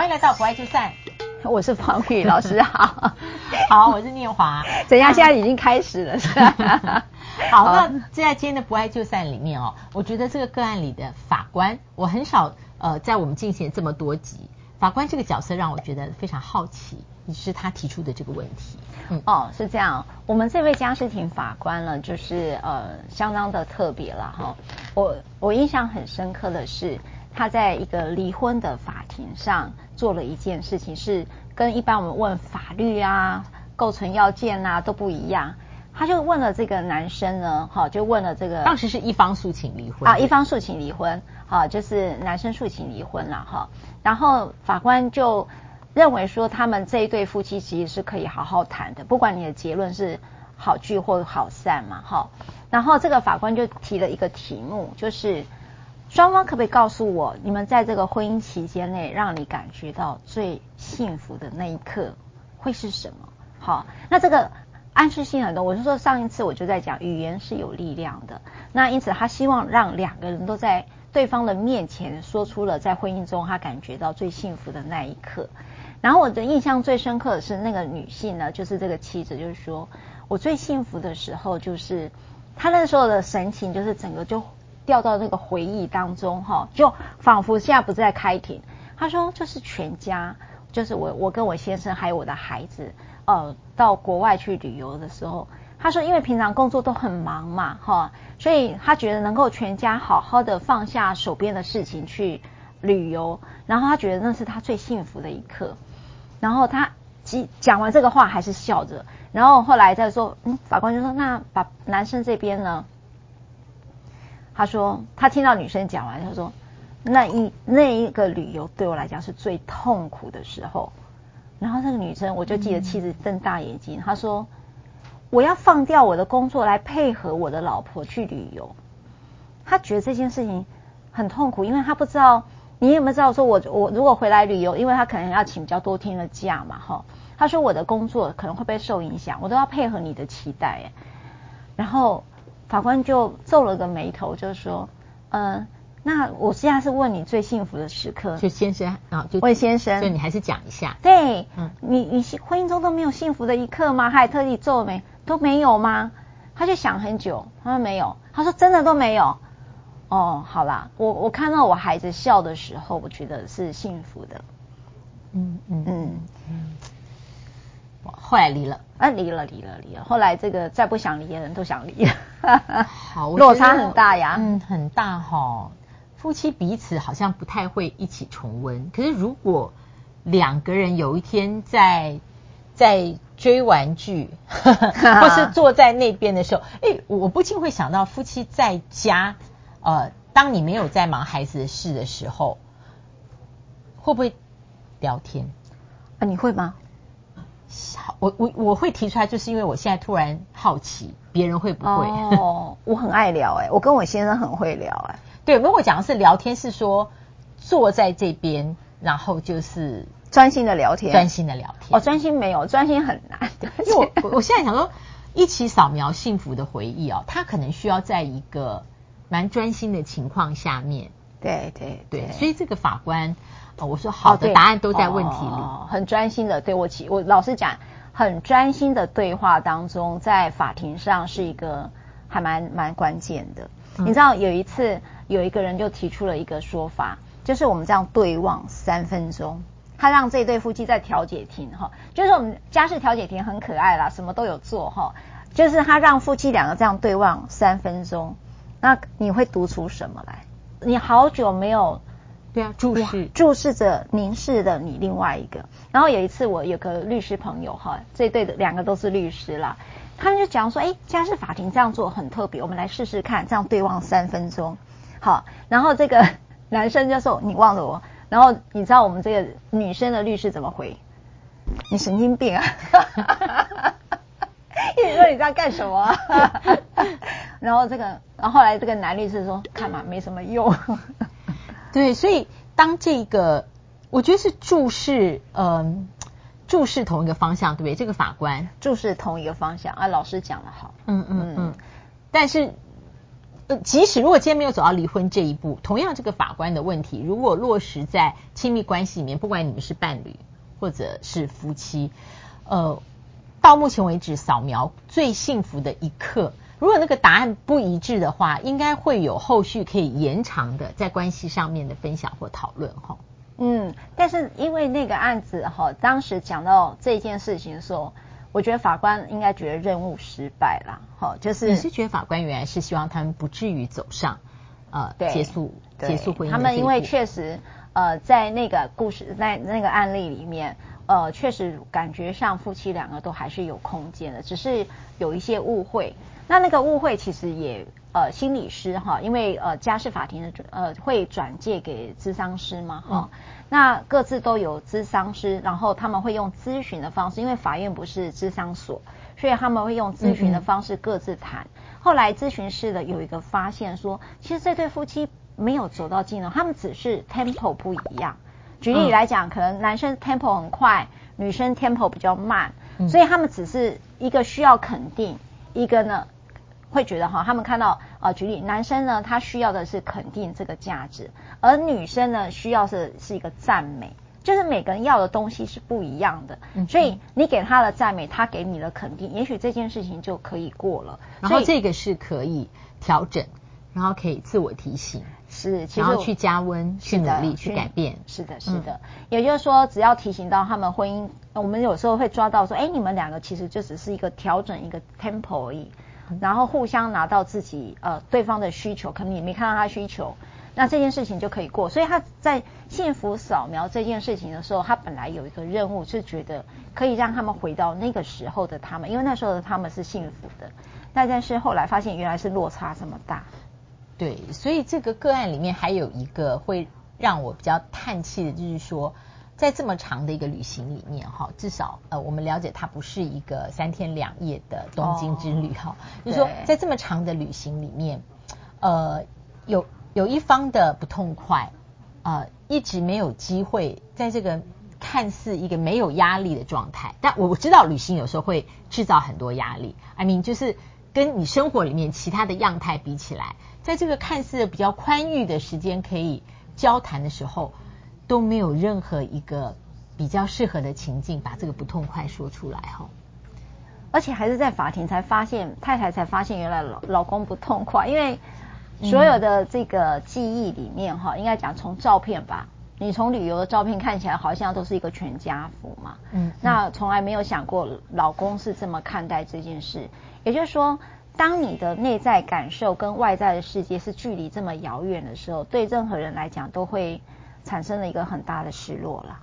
歡迎來到不愛就散， 我是芳玉老師好，好 好，我是念華，怎樣？現在已經開始了，是吧？好，那在今天的不愛就散裡面哦，我覺得這個個案裡的法官，我很少呃在我們進行這麼多集，法官這個角色讓我覺得非常好奇，也是他提出的這個問題？嗯、哦，是這樣，我們這位家事庭法官呢，就是呃相當的特別了哈、哦。我我印象很深刻的是，他在一個離婚的法庭上。做了一件事情，是跟一般我們問法律啊、構成要件啊都不一樣。他就問了這個男生呢，哈，就問了這個。當時是一方訴請離婚對啊，一方訴請離婚，哈，就是男生訴請離婚了，哈。然後法官就認為說，他們這一對夫妻其實是可以好好談的，不管你的結論是好聚或好散嘛，哈。然後這個法官就提了一個題目，就是。雙方可不可以告訴我，你們在這個婚姻期間內，讓你感覺到最幸福的那一刻會是什麼？好，那這個暗示性很多。我是說，上一次我就在講，語言是有力量的。那因此，他希望讓兩個人都在對方的面前說出了在婚姻中他感覺到最幸福的那一刻。然後我的印象最深刻的是那個女性呢，就是這個妻子，就是說我最幸福的時候，就是她那時候的神情，就是整個就。掉到那個回憶當中哈、哦，就仿佛現在不是在開庭。他說，就是全家，就是我，我跟我先生還有我的孩子，呃，到國外去旅遊的時候。他說，因為平常工作都很忙嘛，哈、哦，所以他覺得能夠全家好好的放下手邊的事情去旅遊，然後他覺得那是他最幸福的一刻。然後他即講完這個話還是笑着，然後後來再說，嗯，法官就說，那把男生這邊呢？他說，他聽到女生講完，他說那一那一個旅遊對我來講是最痛苦的時候。然後那個女生，我就記得妻子瞪大眼睛，嗯、他說我要放掉我的工作來配合我的老婆去旅遊。他覺得這件事情很痛苦，因為他不知道你有沒有知道說我，我我如果回來旅遊，因為他可能要請比較多天的假嘛，哈。他說我的工作可能會被受影響，我都要配合你的期待、欸。然後。法官就皺了個眉頭，就說：“嗯、呃，那我現在是問你最幸福的時刻。”就先生啊、哦，就問先生，所以你還是講一下。對，嗯，你你婚姻中都沒有幸福的一刻嗎？還特地皺眉，都沒有嗎？他就想很久，他說沒有，他說真的都沒有。哦，好啦，我我看到我孩子笑的時候，我覺得是幸福的。嗯嗯嗯。嗯嗯。後來離了，啊，離了，離了，離了。後來這個再不想離的人都想離了， 好，落差很大呀。哦、嗯，很大哈、哦。夫妻彼此好像不太會一起重溫。可是如果兩個人有一天在在追玩具， 或是坐在那邊的時候，哎、 欸，我不禁會想到夫妻在家，呃，當你沒有在忙孩子的事的時候，會不會聊天？啊，你會嗎？我我我會提出來，就是因為，我現在突然好奇別人會不會？哦，我很愛聊哎、欸，我跟我先生很會聊哎、欸。對，如果講的是聊天，是說坐在這邊，然後就是專心的聊天，專心的聊天。哦，專心沒有，專心很難。對。因為我我，我現在想說，一起掃描幸福的回憶哦，他可能需要在一個蠻專心的情況下面。對對對，對，所以這個法官，啊、哦，我說好的答案都在問題裡，哦哦、很專心的對不起，我老實講，很專心的對話當中，在法庭上是一個還蠻蠻關鍵的。嗯、你知道有一次有一個人就提出了一個說法，就是我們這樣對望三分鐘，他讓這對夫妻在調解庭哈，就是我們家事調解庭很可愛啦，什麼都有做哈，就是他讓夫妻兩個這樣對望三分鐘，那你會讀出什麼來？你好久沒有對啊注視、注視着凝視着你另外一個。然後有一次我有個律師朋友哈，這對的兩個都是律師啦，他們就講說，哎，家事法庭這樣做很特別，我們來試試看，這樣對望三分鐘，好。然後這個男生就說，你忘了我，然後你知道我們這個女生的律師怎麼回？你神經病啊！一直說你在幹什麼？ 然後這個，然後後來這個男律師說：“看嘛，沒什麼用。 ”對，所以當這個，我覺得是注視，嗯、呃，注視同一個方向，對不對？這個法官注視同一個方向啊，老師講的好，嗯嗯嗯。嗯嗯但是，呃，即使如果今天沒有走到離婚這一步，同樣這個法官的問題，如果落實在親密關係裡面，不管你們是伴侶或者是夫妻，呃，到目前為止掃描最幸福的一刻。如果那個答案不一致的話，應該會有後續可以延長的在關係上面的分享或討論哈。嗯，但是因為那個案子哈，當時講到這件事情的時候，我覺得法官應該覺得任務失敗了哈，就是，你是覺得法官原來是希望他們不至於走上呃對結束對結束婚姻。他們因為確實呃，在那個故事，在那個案例裡面。呃，確實感覺上夫妻兩個都還是有空間的，只是有一些誤會。那那個誤會其實也呃，心理師哈，因為呃家事法庭的呃會轉介給諮商師嘛哈。嗯、那各自都有諮商師，然後他們會用諮詢的方式，因為法院不是諮商所，所以他們會用諮詢的方式各自談。嗯嗯後來諮詢師的有一個發現說，其實這對夫妻沒有走到盡頭，他們只是 tempo 不一樣。舉例來講，可能男生 tempo 很快，女生 tempo 比較慢，所以他們只是一個需要肯定，一個呢會覺得哈，他們看到啊、呃，舉例男生呢他需要的是肯定這個價值，而女生呢需要的是是一個讚美，就是每個人要的東西是不一樣的，所以你給他的讚美，他給你的肯定，也許這件事情就可以過了。所以然後這個是可以調整。然後可以自我提醒，是，其實然後去加溫，的去努力，去，去改變，是的，是的。嗯、也就是說，只要提醒到他們婚姻，我們有時候會抓到說，哎、欸，你們兩個其實就只是一個調整一個 tempo 而已，然後互相拿到自己呃對方的需求，可能也沒看到他需求，那這件事情就可以過。所以他在幸福掃描這件事情的時候，他本來有一個任務，是覺得可以讓他們回到那個時候的他們，因為那時候的他們是幸福的。那但是後來發現，原來是落差這麼大。對，所以這個個案裡面還有一個會讓我比較嘆氣的，就是說，在這麼長的一個旅行裡面，哈，至少呃，我們了解它不是一個三天兩夜的東京之旅，哈、哦，就是說在這麼長的旅行裡面，呃，有有一方的不痛快，呃，一直沒有機會在這個看似一個沒有壓力的狀態，但我我知道旅行有時候會制造很多壓力，I mean 就是。跟你生活裡面其他的樣態比起來，在這個看似的比較寬裕的時間可以交談的時候，都沒有任何一個比較適合的情境把這個不痛快說出來哈、哦。而且還是在法庭才發現，太太才發現原來老老公不痛快，因為所有的這個記憶裡面哈，嗯、應該講從照片吧，你從旅遊的照片看起來好像都是一個全家福嘛，嗯是，那從來沒有想過老公是這麼看待這件事。也就是說，當你的內在感受跟外在的世界是距離這麼遙遠的時候，對任何人來講，都會產生了一個很大的失落啦。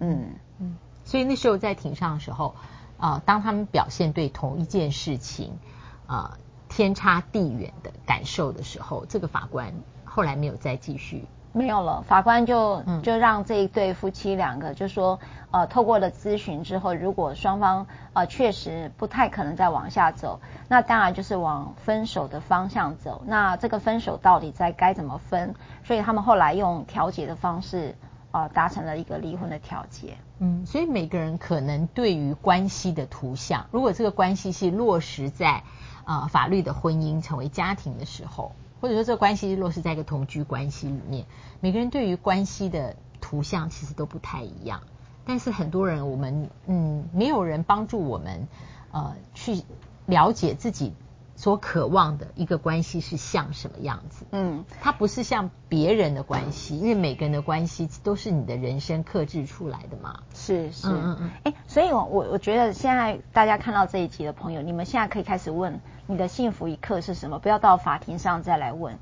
嗯嗯，所以那時候在庭上的時候，啊、呃，當他們表現對同一件事情，啊、呃，天差地遠的感受的時候，這個法官後來沒有再繼續。沒有了，法官就就讓這一對夫妻兩個就說，嗯、呃，透過了諮詢之後，如果雙方呃確實不太可能再往下走，那當然就是往分手的方向走。那這個分手到底在該怎麼分？所以他們後來用調解的方式，呃，達成了一個離婚的調解。嗯，所以每個人可能對於關係的圖像，如果這個關係是落實在呃法律的婚姻成為家庭的時候。或者說，這關係落實在一個同居關係裡面，每個人對於關係的圖像其實都不太一樣。但是很多人，我們嗯，沒有人幫助我們，呃，去了解自己。所渴望的一個關係是像什麼樣子？嗯，它不是像別人的關係，嗯、因為每個人的關係都是你的人生克制出來的嘛。是是嗯，嗯嗯，哎、欸，所以我我我覺得現在大家看到這一集的朋友，你們現在可以開始問你的幸福一刻是什麼，不要到法庭上再來問。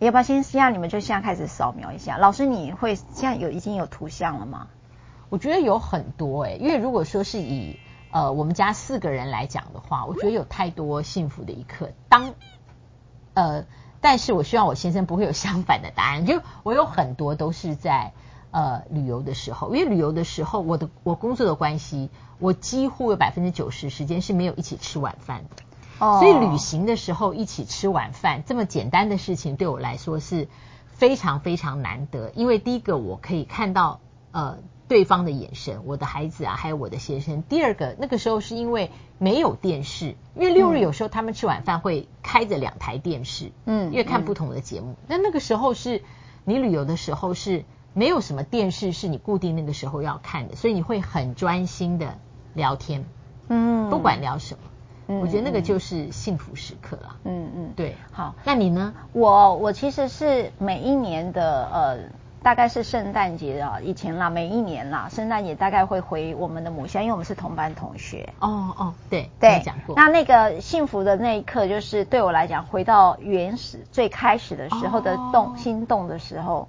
要不要先希望你們就現在開始掃描一下。老師，你會現在有已經有圖像了嗎？我覺得有很多哎、欸，因為如果說是以。呃，我們家四個人來講的話，我覺得有太多幸福的一刻。當，呃，但是我希望我先生不會有相反的答案。就我有很多都是在呃旅遊的時候，因為旅遊的時候，我的我工作的關係，我幾乎有百分之九十時間是沒有一起吃晚飯的。哦。所以旅行的時候一起吃晚飯這麼簡單的事情，對我來說是非常非常難得。因為第一個，我可以看到呃。對方的眼神，我的孩子啊，還有我的先生。第二個，那個時候是因為沒有電視，因為六日有時候他們吃晚飯會開着兩台電視，嗯，因為看不同的節目。那、嗯、那個時候是，你旅遊的時候是沒有什麼電視是你固定那個時候要看的，所以你會很專心的聊天，嗯，不管聊什麼，嗯、我覺得那個就是幸福時刻了、啊嗯，嗯嗯，對，好，那你呢？我我其實是每一年的呃。大概是聖誕節啊，以前啦，每一年啦，聖誕節大概會回我們的母校，因為我們是同班同學。哦哦，對對，講過。那那個幸福的那一刻，就是對我來講，回到原始最開始的時候的動、哦、心動的時候，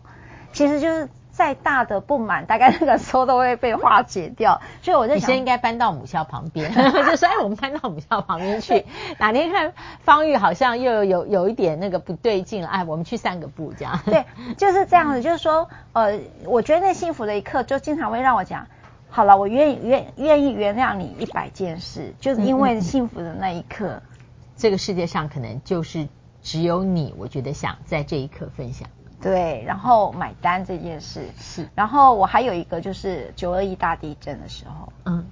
其實就是。再大的不滿，大概那個時候都會被化解掉。所以我就，你先應該搬到母校旁邊， 就說：“哎，我們搬到母校旁邊去。對”哪天看芳玉好像又有有，有一點那個不對勁了。哎，我們去散個步，這樣。對，就是這樣子，嗯、就是說，呃，我覺得那幸福的一刻，就經常會讓我講，好了，我願意願願意原諒你一百件事，就是因為幸福的那一刻嗯嗯，這個世界上可能就是只有你，我覺得想在這一刻分享。對，然後買單這件事是，然後我還有一個就是九二一大地震的時候，嗯，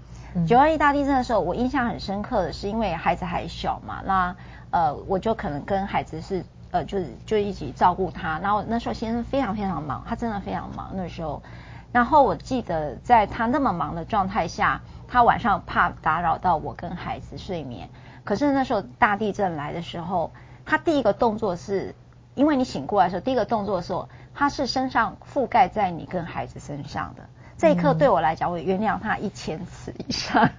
九二一大地震的時候，我印象很深刻的是，因為孩子還小嘛，那呃，我就可能跟孩子是呃，就是就一起照顧他。然後那時候先生非常非常忙，他真的非常忙那時候。然後我記得在他那麼忙的狀態下，他晚上怕打擾到我跟孩子睡眠。可是那時候大地震來的時候，他第一個動作是。因為你醒過來的時候，第一個動作的時候，他是身上覆蓋在你跟孩子身上的這一刻，對我來講，我也原諒他一千次以上。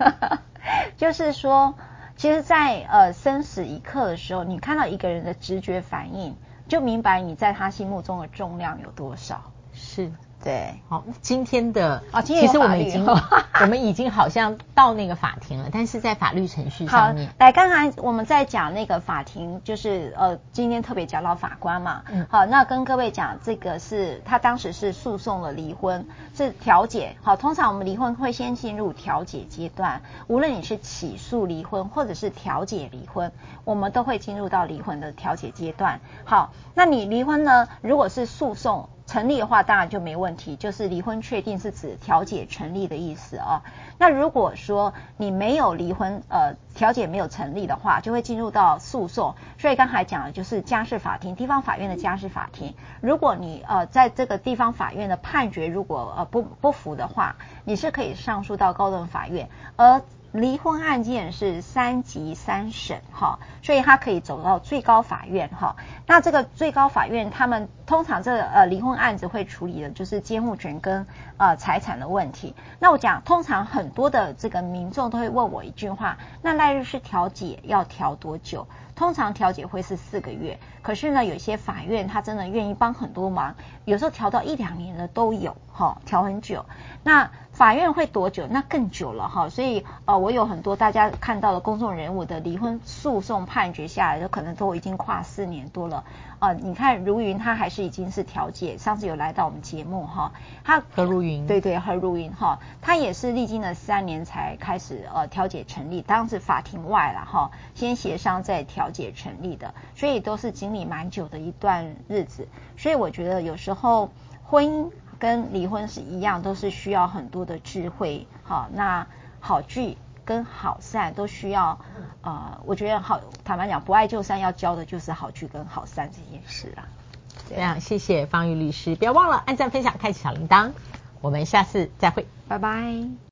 就是說，其實在，在呃生死一刻的時候，你看到一個人的直覺反應，就明白你在他心目中的重量有多少。是。對，好，今天的，哦、今天有法律，其實我們已經，哦、我們已經好像到那個法庭了， 但是在法律程序上面。來，剛才我們在講那個法庭，就是呃，今天特別講到法官嘛。嗯。好，那跟各位講，這個是他當時是訴訟了離婚，是調解。好，通常我們離婚會先進入調解階段，無論你是起訴離婚或者是調解離婚，我們都會進入到離婚的調解階段。好，那你離婚呢？如果是訴訟。成立的話，當然就沒問題。就是離婚確定是指調解成立的意思啊。那如果說你沒有離婚，呃，調解沒有成立的話，就會進入到訴訟。所以剛才講的就是家事法庭，地方法院的家事法庭。如果你呃在這個地方法院的判決如果呃不不服的話，你是可以上訴到高等法院。而離婚案件是三級三審哈、哦，所以它可以走到最高法院哈、哦。那這個最高法院，他們通常這個呃離婚案子會處理的就是監護權跟呃財產的問題。那我講，通常很多的這個民眾都會問我一句話：那賴律師，調解要調多久？通常調解會是四個月，可是呢，有些法院他真的願意幫很多忙，有時候調到一兩年的都有哈、哦，調很久。那法院會多久？那更久了哈、哦。所以呃，我有很多大家看到的公眾人物的離婚訴訟判決下來的，可能都已經跨四年多了。啊、呃，你看如雲他還是已經是調解，上次有來到我們節目哈、哦，他何如雲對對何如雲哈、哦，他也是歷經了三年才開始呃調解成立，當時法庭外了哈、哦，先協商再調解成立的，所以都是經歷蠻久的一段日子，所以我覺得有時候婚姻跟離婚是一樣，都是需要很多的智慧。好，那好聚跟好散都需要，呃，我覺得好，坦白講，不愛就散，要教的就是好聚跟好散這件事啊。這樣，謝謝芳玉律師，不要忘了按讚、分享、開啟小鈴鐺，我們下次再會，拜拜。